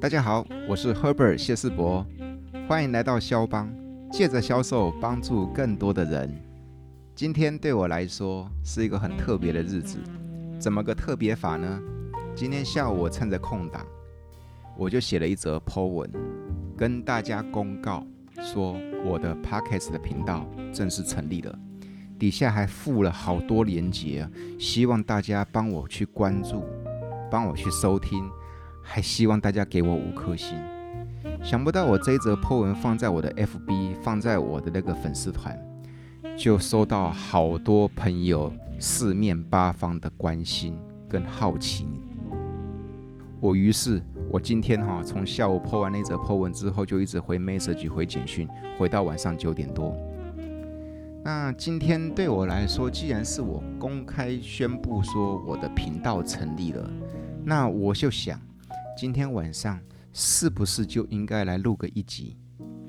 大家好，我是 Herbert 謝世博，歡迎來到銷幫，借着銷售幫助更多的人。今天對我來說是一個很特別的日子，怎麼個特別法呢？今天下午我趁着空檔，我就寫了一則 PO 文，跟大家公告說我的 Podcast 的頻道正式成立了，底下還附了好多鏈接，希望大家幫我去關注，幫我去收聽。還希望大家給我五顆星。想不到我這一則 PO 文放在我的 FB，放在我的那個粉絲團，就收到好多朋友四面八方的關心跟好奇。我於是，我今天哈，從下午 PO 完那則 PO 文之後，就一直回 Messenger 回簡訊，回到晚上九點多。那今天對我來說，既然是我公開宣布說我的頻道成立了，那我就想。今天晚上是不是就應該來錄個一集，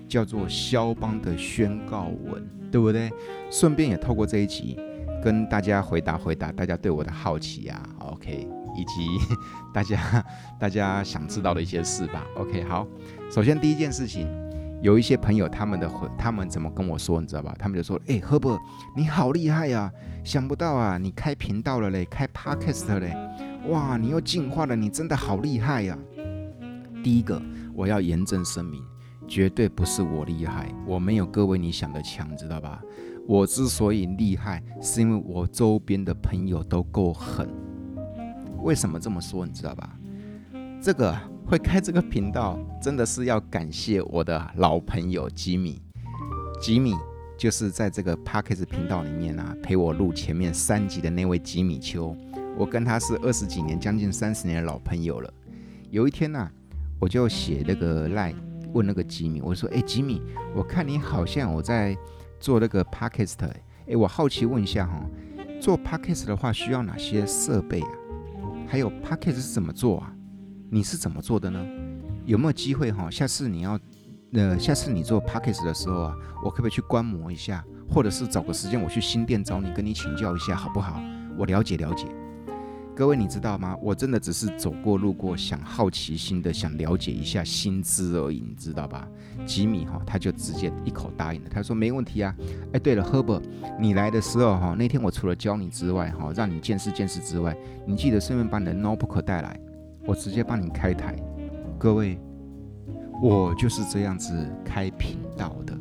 叫做《銷幫的宣告文》，對不對？順便也透過這一集，跟大家回答回答大家對我的好奇呀、啊、，OK？以及大家大家想知道的一些事吧，OK？好，首先第一件事情，有一些朋友他們的他們怎麼跟我說，你知道吧？他們就說：“誒、欸，赫伯，你好厲害呀、啊！想不到啊，你開頻道了嘞，開 Podcast 嘞。”哇，你又進化了！你真的好厲害呀、啊！第一個，我要嚴正聲明，絕對不是我厲害，我沒有各位你想的強，知道吧？我之所以厲害，是因為我周邊的朋友都夠狠。為什麼這麼說，你知道吧？這個會開這個頻道，真的是要感謝我的老朋友吉米。吉米就是在這個 Podcast 頻道裡面啊，陪我錄前面三集的那位吉米秋。我跟他是二十幾年，將近三十年的老朋友了。有一天呢、啊，我就寫那個 line 問那個吉米，我說：“誒、欸，吉米，我看你好像我在做那個 podcast，誒、欸，我好奇問一下哈，做 podcast 的話需要哪些設備啊？還有 podcast 是怎麼做啊？你是怎麼做的呢？有沒有機會哈？下次你要呃，下次你做 podcast 的時候啊，我可不可以去觀摩一下？或者是找個時間我去新店找你，跟你請教一下好不好？我了解了解。”各位，你知道嗎？我真的只是走過路過，想好奇心的想了解一下薪資而已，你知道吧？吉米哈他就直接一口答應了，他說沒問題啊。哎、欸，對了，Herbert，你來的時候哈，那天我除了教你之外哈，讓你見識見識之外，你記得順便把你的 Notebook 帶來，我直接幫你開台。各位，我就是這樣子開頻道的，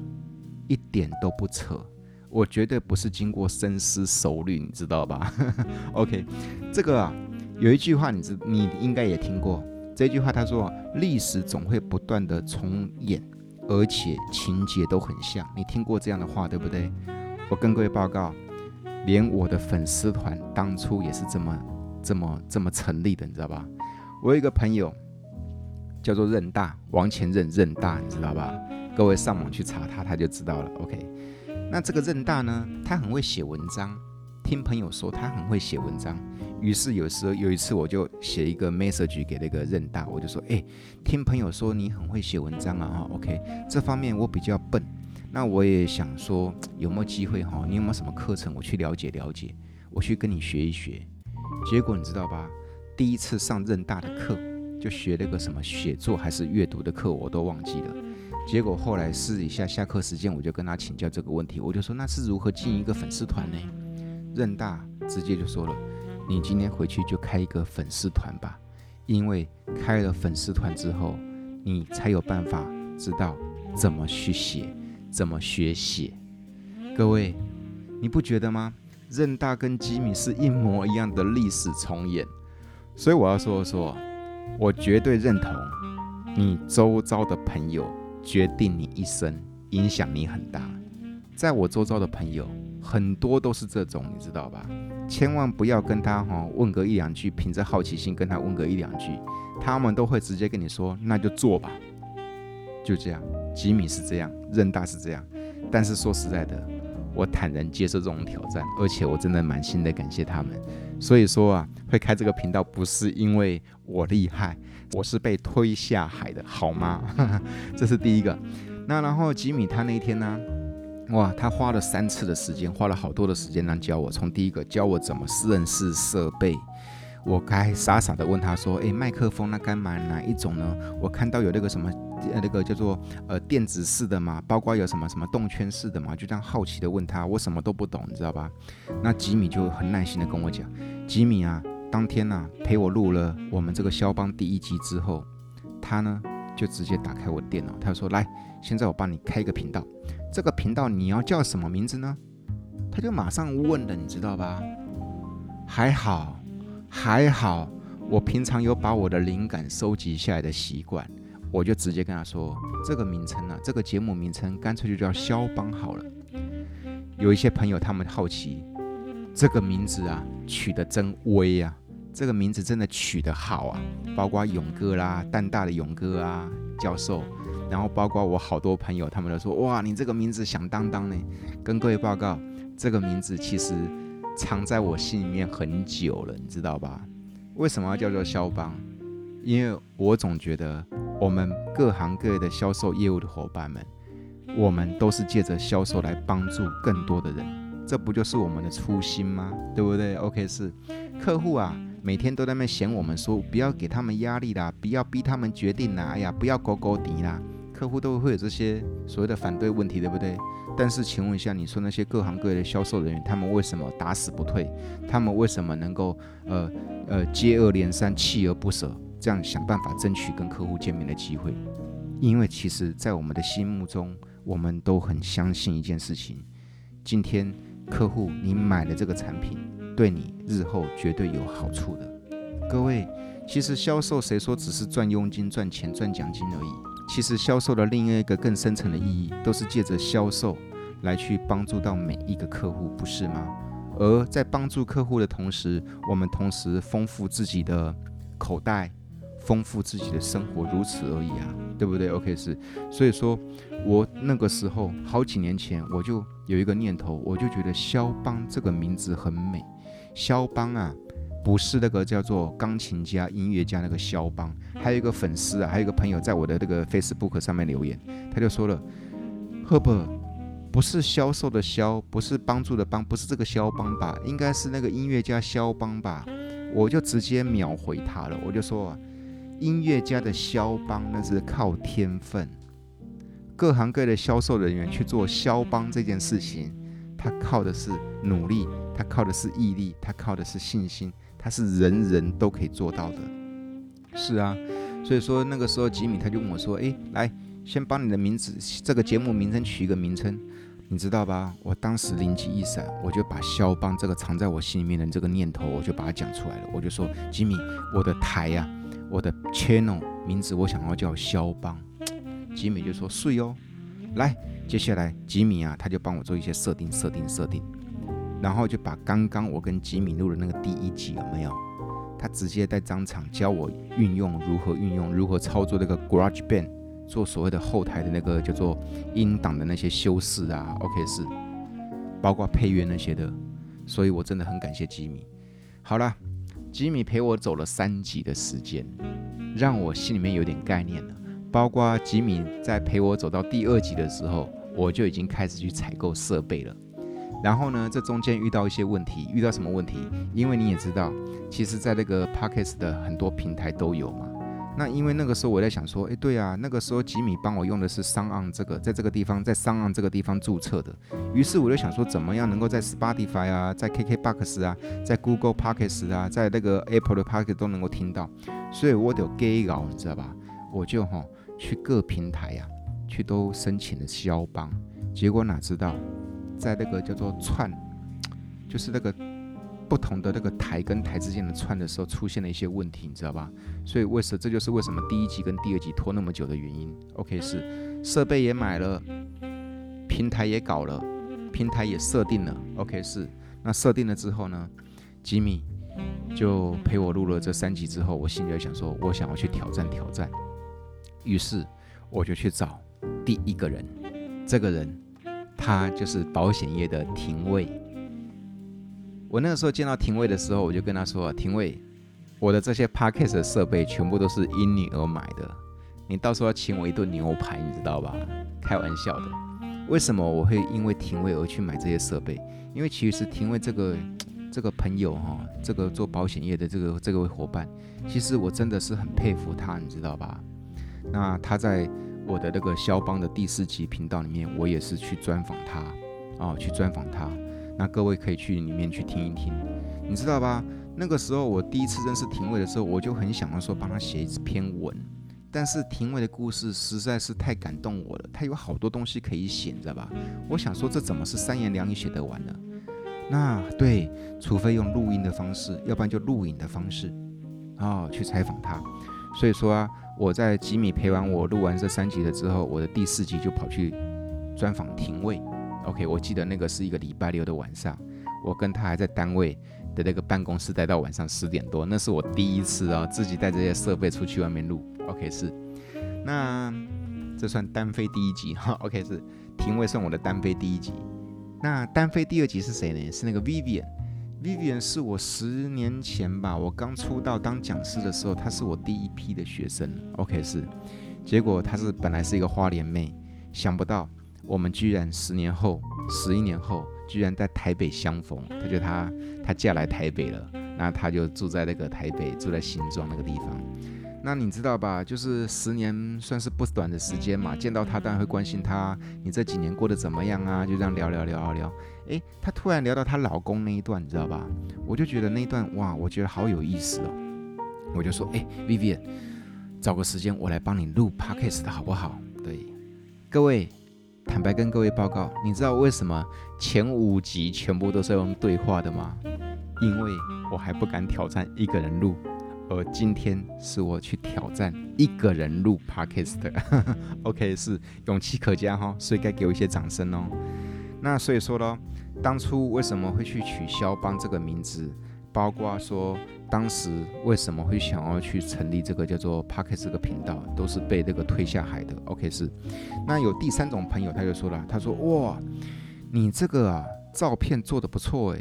一點都不扯。我絕對不是經過深思熟慮，你知道吧 ？OK，這個啊，有一句話你，你知你應該也聽過。這句話他說：歷史總會不斷的重演，而且情節都很像。你聽過這樣的話，對不對？我跟各位報告，連我的粉絲團當初也是這麼、這麼、這麼成立的，你知道吧？我有一個朋友叫做任大王，前任任大，你知道吧？各位上網去查他，他就知道了。OK。那這個任大呢，他很會寫文章，聽朋友說他很會寫文章。於是有時候有一次，我就寫一個 message 給那個任大，我就說：哎，聽朋友說你很會寫文章啊，OK，這方面我比較笨，那我也想說有沒有機會哈，你有沒有什麼課程我去了解了解，我去跟你學一學。結果你知道吧，第一次上任大的課，就學那個什麼寫作還是閱讀的課，我都忘記了。結果後來試一下，下課時間我就跟他請教這個問題。我就說：“那是如何進一個粉絲團呢？”任大直接就說了：“你今天回去就開一個粉絲團吧，因為開了粉絲團之後，你才有辦法知道怎麼去寫，怎麼學寫。”各位，你不覺得嗎？任大跟吉米是一模一樣的歷史重演，所以我要說說，我絕對認同你周遭的朋友。決定你一生，影響你很大。在我周遭的朋友，很多都是這種，你知道吧？千萬不要跟他哦，問個一兩句，憑着好奇心跟他問個一兩句，他們都會直接跟你說，那就做吧，就這樣。吉米是這樣，任大是這樣，但是說實在的。我坦然接受這種挑戰，而且我真的滿心的感謝他們。所以說啊，會開這個頻道不是因為我厲害，我是被推下海的，好嗎？ 這是第一個。那然後吉米他那天呢，哇，他花了三次的時間，花了好多的時間來教我，從第一個教我怎麼認識設備。我該傻傻的問他說：“誒、欸，麥克風那該買哪一種呢？”我看到有那個什麼，呃，那、這個叫做呃電子式的嘛，包括有什麼什麼動圈式的嘛，就這樣好奇的問他，我什麼都不懂，你知道吧？那吉米就很耐心的跟我講，吉米啊，當天吶、啊，陪我錄了我們這個銷幫第一集之後，他呢就直接打開我電腦，他說：“來，現在我幫你開一個頻道，這個頻道你要叫什麼名字呢？”他就馬上問了，你知道吧？還好。還好，我平常有把我的靈感收集下來的習慣，我就直接跟他說，這個名稱啊，這個節目名稱乾脆就叫銷幫好了。有一些朋友他們好奇，這個名字啊取得真威呀，這個名字真的取得好啊，包括勇哥啦，淡大的勇哥啊，教授，然後包括我好多朋友，他們都說，哇，你這個名字響噹噹呢、欸。跟各位報告，這個名字其實。藏在我心裡面很久了，你知道吧？為什麼要叫做銷幫？因為我總覺得我們各行各業的銷售業務的夥伴們，我們都是借着銷售來幫助更多的人，這不就是我們的初心嗎？對不對？OK，是客戶啊，每天都在那邊嫌我們說，不要給他們壓力啦，不要逼他們決定啦，哎呀，不要勾勾底啦。客戶都會有這些所謂的反對問題，對不對？但是，請問一下，你說那些各行各業的銷售人員，他們為什麼打死不退？他們為什麼能夠呃呃接二連三、鍥而不捨，這樣想辦法爭取跟客戶見面的機會？因為其實，在我們的心目中，我們都很相信一件事情：今天客戶你買了這個產品，對你日後絕對有好處的。各位，其實銷售誰說只是賺佣金、賺錢、賺獎金而已？其實銷售的另一個更深層的意義，都是借着銷售來去幫助到每一個客戶，不是嗎？而在幫助客戶的同時，我們同時豐富自己的口袋，豐富自己的生活，如此而已啊，對不對？OK，是。所以說，我那個時候好幾年前，我就有一個念頭，我就覺得銷幫這個名字很美，銷幫啊。不是那個叫做鋼琴家、音樂家那個肖邦，還有一個粉絲啊，還有一個朋友在我的那個 Facebook 上面留言，他就說了：“赫伯，不是銷售的銷，不是幫助的幫，不是這個銷幫吧？應該是那個音樂家肖邦吧？”我就直接秒回他了，我就說啊：“音樂家的肖邦那是靠天分，各行各業的銷售人員去做銷幫這件事情，他靠的是努力，他靠的是毅力，他靠的是，靠的是信心。”他是人人都可以做到的。是啊，所以說那個時候吉米他就跟我說，哎，來先幫你的名字，這個節目名稱取一個名稱，你知道吧？我當時靈機一閃，我就把銷幫這個藏在我心裡面的這個念頭，我就把它講出來了，我就說吉米，我的台呀，啊，我的 channel 名字我想要叫銷幫。吉米就說，水哦，來，接下來吉米啊，他就幫我做一些設定，設定，設定。然後就把剛剛我跟吉米錄的那個第一集有沒有？他直接在當場教我運用如何運用如何操作那個 GarageBand，做所謂的後台的那個叫做音檔的那些修飾啊、OK 是，包括配樂那些的。所以我真的很感謝吉米。好了，吉米陪我走了三集的時間，讓我心裡面有點概念了。包括吉米在陪我走到第二集的時候，我就已經開始去採購設備了。然後呢，這中間遇到一些問題，遇到什麼問題？因為你也知道，其實在這個 Podcast 的很多平台都有嘛。那因為那個時候我在想說，哎，對啊，那個時候吉米幫我用的是 SoundOn 這個，在這個地方，在 SoundOn 這個地方注冊的。於是我就想說，怎麼樣能夠在 Spotify 啊，在 KK Box 啊，在 Google Podcast 啊，在那個 Apple 的 Podcast 都能夠聽到？所以我得 a y 佬，你知道吧？我就吼、哦、去各平台呀、啊，去都申請了銷幫。結果哪知道？在那個叫做串，就是那個不同的那個台跟台之間的串的時候，出現了一些問題，你知道吧？所以，為什麼，這就是為什麼第一集跟第二集拖那麼久的原因。OK，是設備也買了，平台也搞了，平台也設定了。OK，是那設定了之後呢，吉米就陪我錄了這三集之後，我心裡想說，我想要去挑戰挑戰，於是我就去找第一個人，這個人。他就是保險業的廷尉。我那個時候見到廷尉的時候，我就跟他說：“廷尉，我的這些 podcast 的設備全部都是因你而買的，你到時候要請我一頓牛排，你知道吧？開玩笑的。為什麼我會因為廷尉而去買這些設備？因為其實廷尉這個這個朋友哈，這個做保險業的這個這個夥伴，其實我真的是很佩服他，你知道吧？那他在，”我的那個銷幫的第四集頻道裡面，我也是去專訪他哦，去專訪他。那各位可以去裡面去聽一聽，你知道吧？那個時候我第一次認識廷偉的時候，我就很想說幫他寫一篇文，但是廷偉的故事實在是太感動我了，他有好多東西可以寫，知道吧？我想說這怎麼是三言兩語寫得完呢？那對，除非用錄音的方式，要不然就錄影的方式哦，去採訪他。所以說啊。我在吉米陪完我錄完這三集了之後，我的第四集就跑去專訪廷尉。OK，我記得那個是一個禮拜六的晚上，我跟他還在單位的那個辦公室待到晚上十點多。那是我第一次啊、哦、自己帶這些設備出去外面錄。OK，是那這算單飛第一集哈。OK，是廷尉算我的單飛第一集。那單飛第二集是誰呢？是那個 Vivian。Vivian 是我十年前吧，我剛出道當講師的時候，她是我第一批的學生。OK，是。結果她是本來是一個花蓮妹，想不到我們居然十年後、十一年後，居然在台北相逢。她就她她嫁來台北了，那她就住在那個台北住在新莊那個地方。那你知道吧，就是十年算是不短的時間嘛，見到他當然會關心他，你這幾年過得怎麼樣啊？就這樣聊聊聊聊聊，哎，她突然聊到她老公那一段，你知道吧？我就覺得那一段哇，我覺得好有意思哦。我就說，誒，Vivian，找個時間我來幫你錄 p o c c a e t 好不好？對，各位，坦白跟各位報告，你知道為什麼前五集全部都是用對話的嗎？因為我還不敢挑戰一個人錄。而今天是我去挑戰一個人錄 podcast 的。OK 是勇氣可嘉哈、哦，所以該給我一些掌聲哦。那所以說呢，當初為什麼會去取銷幫這個名字，包括說當時為什麼會想要去成立這個叫做 podcast 這個頻道，都是被這個推下海的。OK 是，那有第三種朋友他就說了，他說哇，你這個、啊、照片做得不錯誒，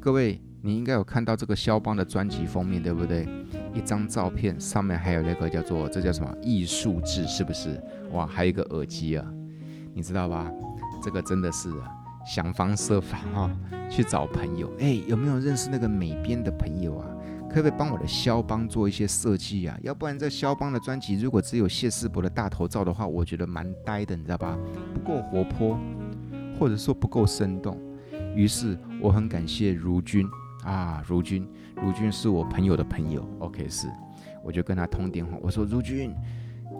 各位你應該有看到這個銷幫的專輯封面，對不對？一張照片，上面還有那個叫做這叫什麼藝術字，是不是？哇，還有一個耳機啊，你知道吧？這個真的是想方設法啊、哦，去找朋友，誒，有沒有認識那個美編的朋友啊？可不可以幫我的銷幫做一些設計啊？要不然這銷幫的專輯如果只有謝世博的大頭照的話，我覺得蠻呆的，你知道吧？不夠活潑，或者說不夠生動。於是我很感謝如君。啊，如君，如君是我朋友的朋友。OK，是，我就跟他通電話，我說如君，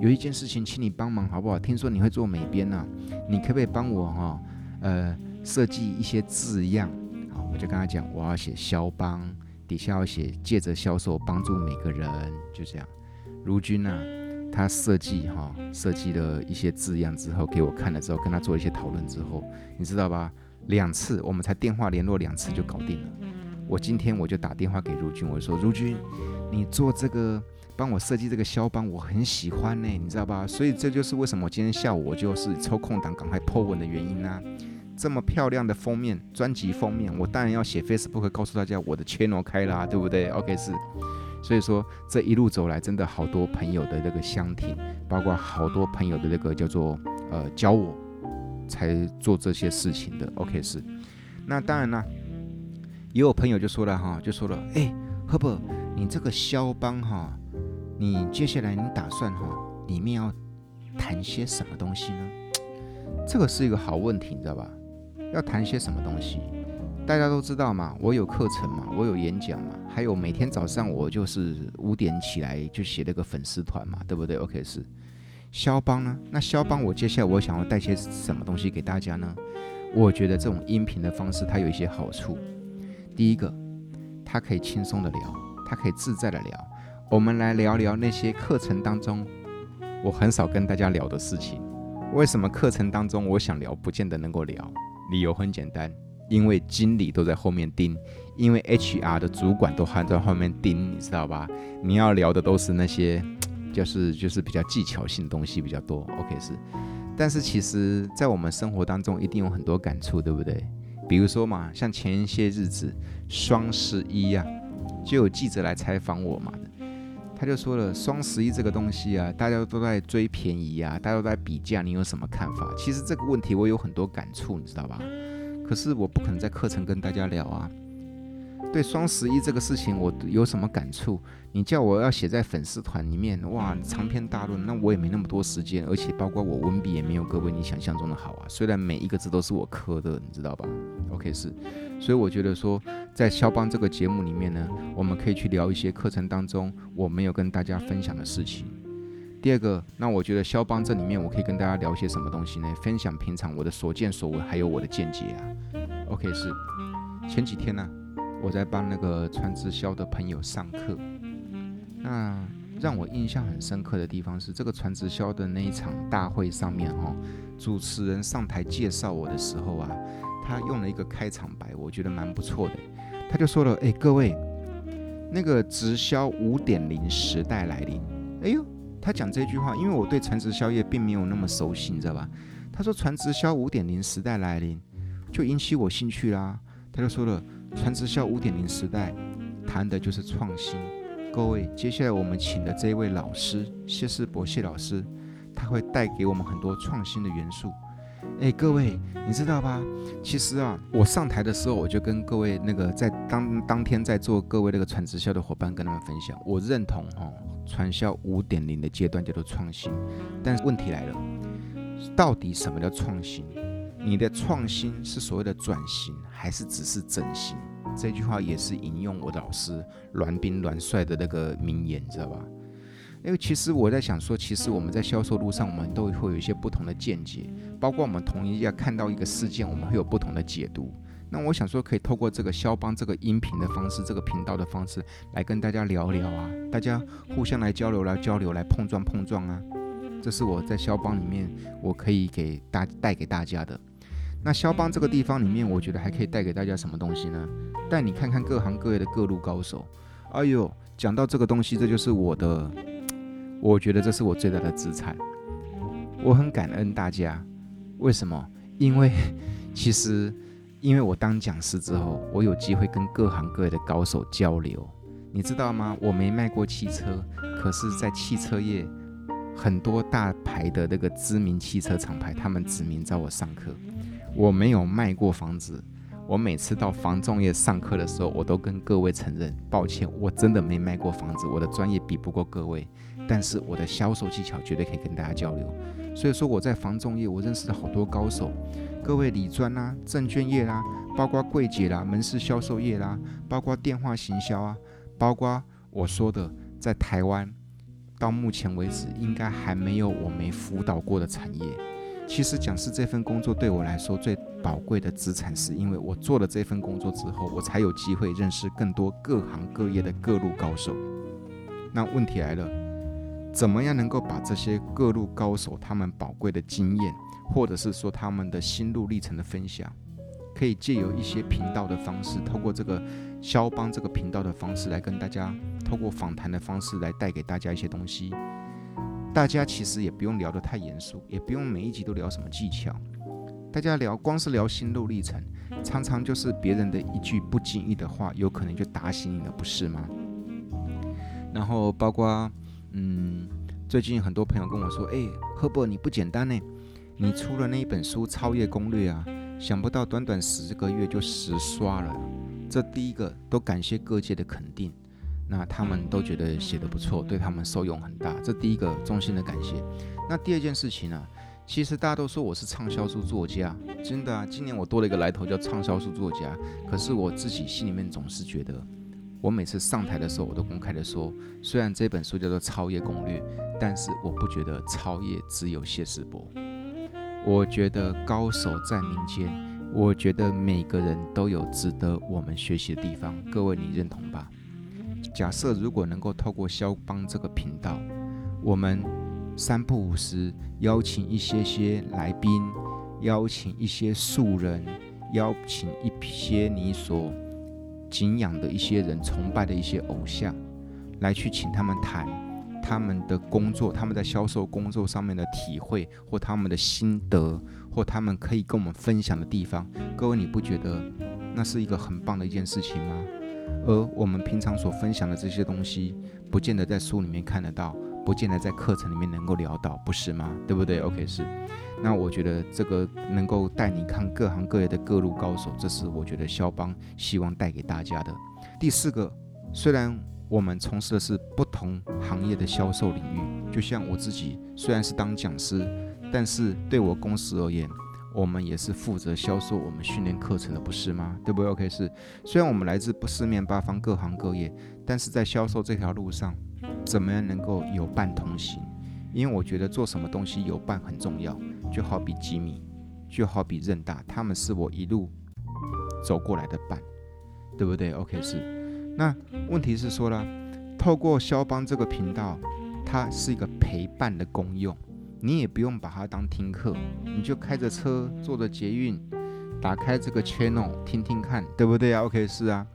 有一件事情請你幫忙好不好？聽說你會做美編呢，你可不可以幫我哈？呃，設計一些字樣。好，我就跟他講，我要寫銷幫，底下要寫借着銷售幫助每個人，就這樣。如君呢、啊，他設計哈，設計了一些字樣之後給我看了之後，跟他做一些討論之後，你知道吧？兩次，我們才電話聯絡兩次就搞定了。我今天我就打電話給如君，我說如君，你做這個幫我設計這個銷幫，我很喜歡呢，你知道吧？所以這就是為什麼我今天下午我就是抽空檔趕快 PO 文的原因啦、啊。這麼漂亮的封面，專輯封面，我當然要寫 Facebook 告訴大家我的 Channel 開啦，對不對？OK 是。所以說這一路走來，真的好多朋友的那個相挺，包括好多朋友的那個叫做呃教我才做這些事情的 OK 是。那當然呢。也有我朋友就說了哈，就說了，誒、欸，赫伯，你這個銷幫哈，你接下來你打算哈裡面要談些什麼東西呢？這個是一個好問題，你知道吧？要談些什麼東西？大家都知道嘛，我有課程嘛，我有演講嘛，還有每天早上我就是五點起來就寫那個粉絲團嘛，對不對？OK，是銷幫呢？那銷幫我接下來我想要帶些什麼東西給大家呢？我覺得這種音頻的方式它有一些好處。第一個，他可以輕鬆的聊，他可以自在的聊。我們來聊聊那些課程當中我很少跟大家聊的事情。為什麼課程當中我想聊，不見得能夠聊？理由很簡單，因為經理都在後面盯，因為 HR 的主管都還在後面盯，你知道吧？你要聊的都是那些，就是就是比較技巧性的東西比較多。OK 是，但是其實在我們生活當中一定有很多感觸，對不對？比如說嘛，像前些日子雙十一呀，就有記者來採訪我嘛，他就說了雙十一這個東西啊，大家都在追便宜啊，大家都在比價，你有什麼看法？其實這個問題我有很多感觸，你知道吧？可是我不可能在課程跟大家聊啊。對雙十一這個事情，我有什麼感觸？你叫我要寫在粉絲團裡面，哇，長篇大論，那我也沒那麼多時間，而且包括我文筆也沒有各位你想象中的好啊。雖然每一個字都是我刻的，你知道吧？OK，是。所以我覺得說，在銷幫這個節目裡面呢，我們可以去聊一些課程當中我沒有跟大家分享的事情。第二個，那我覺得銷幫這裡面，我可以跟大家聊些什麼東西呢？分享平常我的所見所聞，還有我的見解啊。OK，是。前幾天呢、啊？我在幫那個傳直銷的朋友上課，那讓我印象很深刻的地方是，這個傳直銷的那一場大會上面，哦，主持人上台介紹我的時候啊，他用了一個開場白，我覺得蠻不錯的。他就說了：“哎，各位，那個直銷五點零時代來臨。”哎呦，他講這句話，因為我對傳直銷業並沒有那麼熟悉，你知道吧？他說傳直銷五點零時代來臨，就引起我興趣啦。他就說了。傳直銷五點零時代，談的就是創新。各位，接下來，我們請的這一位老師，謝世博謝老師，他會帶給我們很多創新的元素。誒、欸，各位，你知道吧？其實啊，我上台的時候，我就跟各位那個在當當天在座各位那個傳直銷的伙伴，跟他們分享，我認同哦，傳銷五點零的階段叫做創新。但是問題來了，到底什麼叫創新？你的創新是所謂的轉型，還是只是整形？這句話也是引用我的老師欒斌、欒帥的那個名言，你知道吧？因為其實我在想說，其實我們在銷售路上，我們都會有一些不同的見解，包括我們同一家看到一個事件，我們會有不同的解讀。那我想說，可以透過這個銷幫這個音頻的方式，這個頻道的方式來跟大家聊聊啊，大家互相來交流、來交流、來碰撞、碰撞啊。這是我在銷幫裡面，我可以給大帶給大家的。那銷幫這個地方裡面，我覺得還可以帶給大家什麼東西呢？帶你看看各行各業的各路高手。哎呦，講到這個東西，這就是我的，我覺得這是我最大的資產。我很感恩大家，為什麼？因為其實，因為我當講師之後，我有機會跟各行各業的高手交流。你知道嗎？我沒賣過汽車，可是在汽車業，很多大牌的那個知名汽車廠牌，他們指名找我上課。我沒有賣過房子。我每次到房仲業上課的時候，我都跟各位承認，抱歉，我真的沒賣過房子。我的專業比不過各位，但是我的銷售技巧絕對可以跟大家交流。所以說我在房仲業，我認識了好多高手，各位理專啦、啊、證券業啦、啊、包括櫃姐啦、門市銷售業啦、啊、包括電話行銷啊，包括我說的在台灣，到目前為止，應該還沒有我沒輔導過的產業。其實，講師這份工作對我來說最寶貴的資產，是因為我做了這份工作之後，我才有機會認識更多各行各業的各路高手。那問題來了，怎麼樣能夠把這些各路高手他們寶貴的經驗，或者是說他們的心路歷程的分享，可以借由一些頻道的方式，透過這個銷幫這個頻道的方式來跟大家，透過訪談的方式來帶給大家一些東西。大家其實也不用聊得太嚴肅，也不用每一集都聊什麼技巧。大家聊光是聊心路歷程，常常就是別人的一句不經意的話，有可能就打醒你了，不是嗎？然後包括，嗯，最近很多朋友跟我說，哎，赫伯你不簡單呢，你出了那一本書《超業攻略》啊，想不到短短十個月就十刷了。這第一個都感謝各界的肯定。那他們都覺得寫得不錯，對他們受用很大。這第一個衷心的感謝。那第二件事情呢、啊？其實大家都說我是暢銷書作家，真的、啊。今年我多了一個來頭，叫暢銷書作家。可是我自己心裡面總是覺得，我每次上台的時候，我都公開的說，雖然這本書叫做《超業攻略》，但是我不覺得超業只有謝世博。我覺得高手在民間。我覺得每個人都有值得我們學習的地方。各位，你認同吧？假設如果能夠透過銷幫這個頻道，我們三不五時邀請一些些來賓，邀請一些素人，邀請一些你所敬仰的一些人、崇拜的一些偶像，來去請他們談他們的工作、他們在銷售工作上面的體會或他們的心得或他們可以跟我們分享的地方。各位，你不覺得那是一個很棒的一件事情嗎？而我們平常所分享的這些東西，不見得在書裡面看得到，不見得在課程裡面能夠聊到，不是嗎？對不對？OK，是。那我覺得這個能夠帶你看各行各業的各路高手，這是我覺得銷幫希望帶給大家的。第四個，雖然我們從事的是不同行業的銷售領域，就像我自己雖然是當講師，但是對我公司而言。我們也是負責銷售我們訓練課程的，不是嗎？對不對？OK，是。雖然我們來自不四面八方、各行各業，但是在銷售這條路上，怎麼樣能夠有伴同行？因為我覺得做什麼東西有伴很重要，就好比吉米，就好比任大，他們是我一路走過來的伴，對不對？OK，是。那問題是說呢，透過銷幫這個頻道，它是一個陪伴的功用。你也不用把它當聽課，你就開着車，坐着捷運，打開這個 channel 聽聽看，對不對啊？OK，是啊，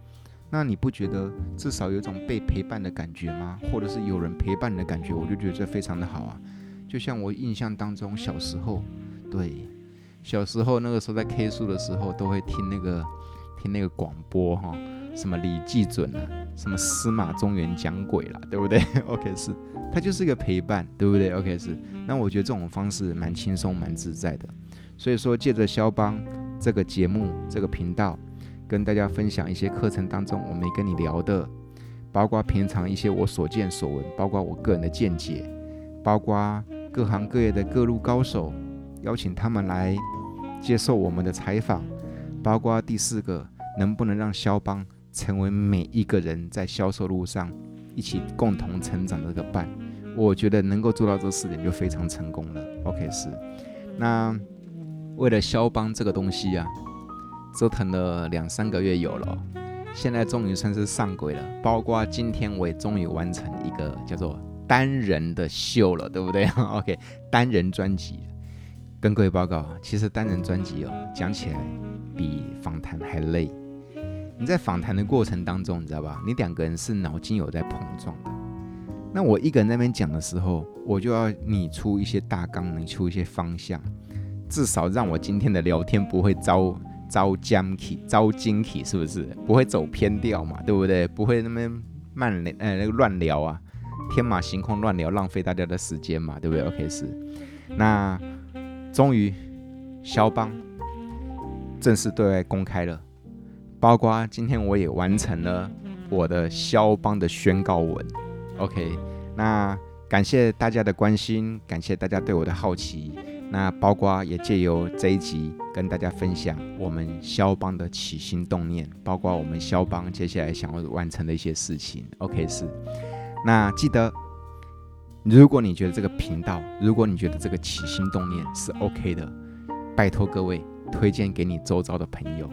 那你不覺得至少有種被陪伴的感覺嗎？或者是有人陪伴的感覺？我就覺得這非常的好啊，就像我印象當中小時候，對，小時候那個時候在 K 書的時候，都會聽那個聽那個廣播，哈，什麼李季準啊。什麼司馬中原講鬼啦，對不對？OK，是，他就是一個陪伴，對不對？OK，是。那我覺得這種方式蠻輕鬆、蠻自在的。所以說，借着銷幫這個節目、這個頻道，跟大家分享一些課程當中我沒跟你聊的，包括平常一些我所見所聞，包括我個人的見解，包括各行各業的各路高手，邀請他們來接受我們的採訪，包括第四個，能不能讓銷幫？成為每一個人在銷售路上一起共同成長的這個伴，我覺得能夠做到這四點就非常成功了。OK，是。那為了銷幫這個東西呀、啊，折騰了兩三個月有了，現在終於算是上軌了。包括今天我也終於完成一個叫做單人的秀了，對不對？OK，單人專輯。跟各位報告，其實單人專輯哦，講起來比訪談還累。你在訪談的過程當中，你知道吧？你兩個人是腦筋有在碰撞的。那我一個人在那邊講的時候，我就要擬出一些大綱，擬出一些方向，至少讓我今天的聊天不會遭遭僵 y 遭晶，是不是？不會走偏掉嘛，對不對？不會那麼慢，呃，那個亂聊啊，天馬行空亂聊，浪費大家的時間嘛，對不對？OK 是。那終於，銷幫正式對外公開了。包括今天我也完成了我的銷幫的宣告文，OK。那感謝大家的關心，感謝大家對我的好奇。那包括也借由這一集跟大家分享我們銷幫的起心動念，包括我們銷幫接下來想要完成的一些事情。OK，是。那記得，如果你覺得這個頻道，如果你覺得這個起心動念是 OK 的，拜托各位推薦給你周遭的朋友。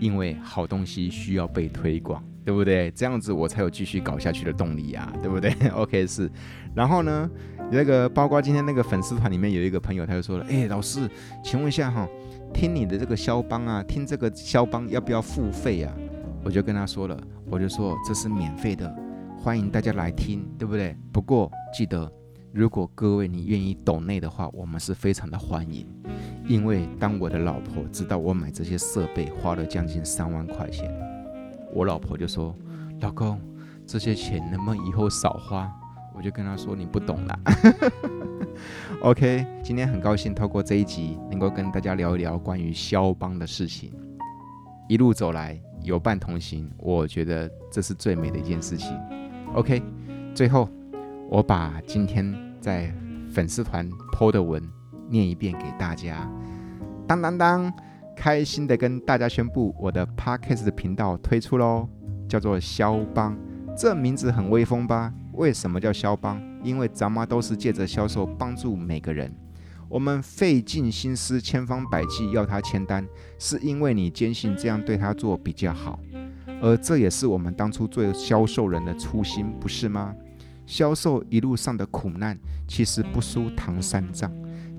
因為好東西需要被推廣，對不對？這樣子我才有繼續搞下去的動力啊，對不對？OK，是。然後呢，那、這個包括今天那個粉絲團裡面有一個朋友，他就說了：“哎，老師，請問一下哈，聽你的這個銷幫啊，聽這個銷幫要不要付費啊？”我就跟他說了，我就說這是免費的，歡迎大家來聽，對不對？不過記得。如果各位你願意 donate 的話，我們是非常的歡迎。因為當我的老婆知道我買這些設備花了將近三萬塊錢，我老婆就說：“老公，這些錢能不能以後少花？”我就跟她說：“你不懂啦、啊。 ” OK，今天很高興透過這一集能夠跟大家聊一聊關於銷幫的事情。一路走來有伴同行，我覺得這是最美的一件事情。OK，最後。我把今天在粉絲團 PO 的文念一遍給大家。當當當，開心的跟大家宣布，我的 Podcast 的頻道推出嘍，叫做銷幫。這名字很威風吧？為什麼叫銷幫？因為咱們都是借着銷售幫助每個人。我們費盡心思、千方百計要他簽單，是因為你堅信這樣對他做比較好，而這也是我們當初做銷售人的初心，不是嗎？銷售一路上的苦難，其實不輸唐三藏。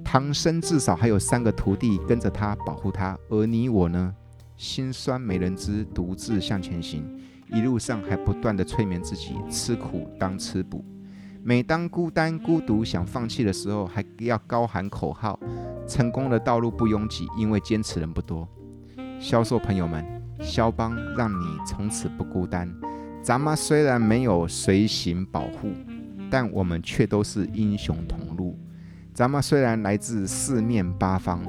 唐僧至少還有三個徒弟跟着他保護他，而你我呢？心酸沒人知，獨自向前行。一路上還不斷地催眠自己，吃苦當吃補。每當孤單孤獨想放棄的時候，還要高喊口號：成功的道路不擁擠，因為堅持人不多。銷售朋友們，銷幫讓你從此不孤單。咱們雖然沒有隨行保護，但我們卻都是英雄同路。咱們雖然來自四面八方，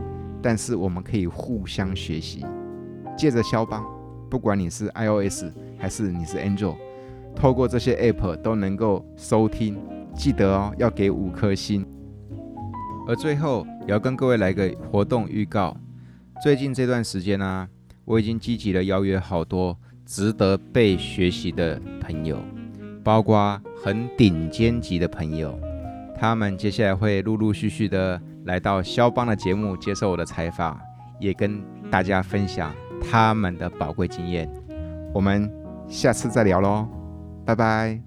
但是我們可以互相學習。借着銷幫，不管你是 iOS 還是你是 Android，透過這些 App 都能夠收聽。記得哦，要給五顆星。而最後也要跟各位來個活動預告。最近這段時間呢，啊，我已經積極的邀約好多。值得被學習的朋友，包括很頂尖級的朋友，他們接下來會陸陸續續的來到銷幫的節目，接受我的採訪，也跟大家分享他們的寶貴經驗。我們下次再聊嘍，拜拜。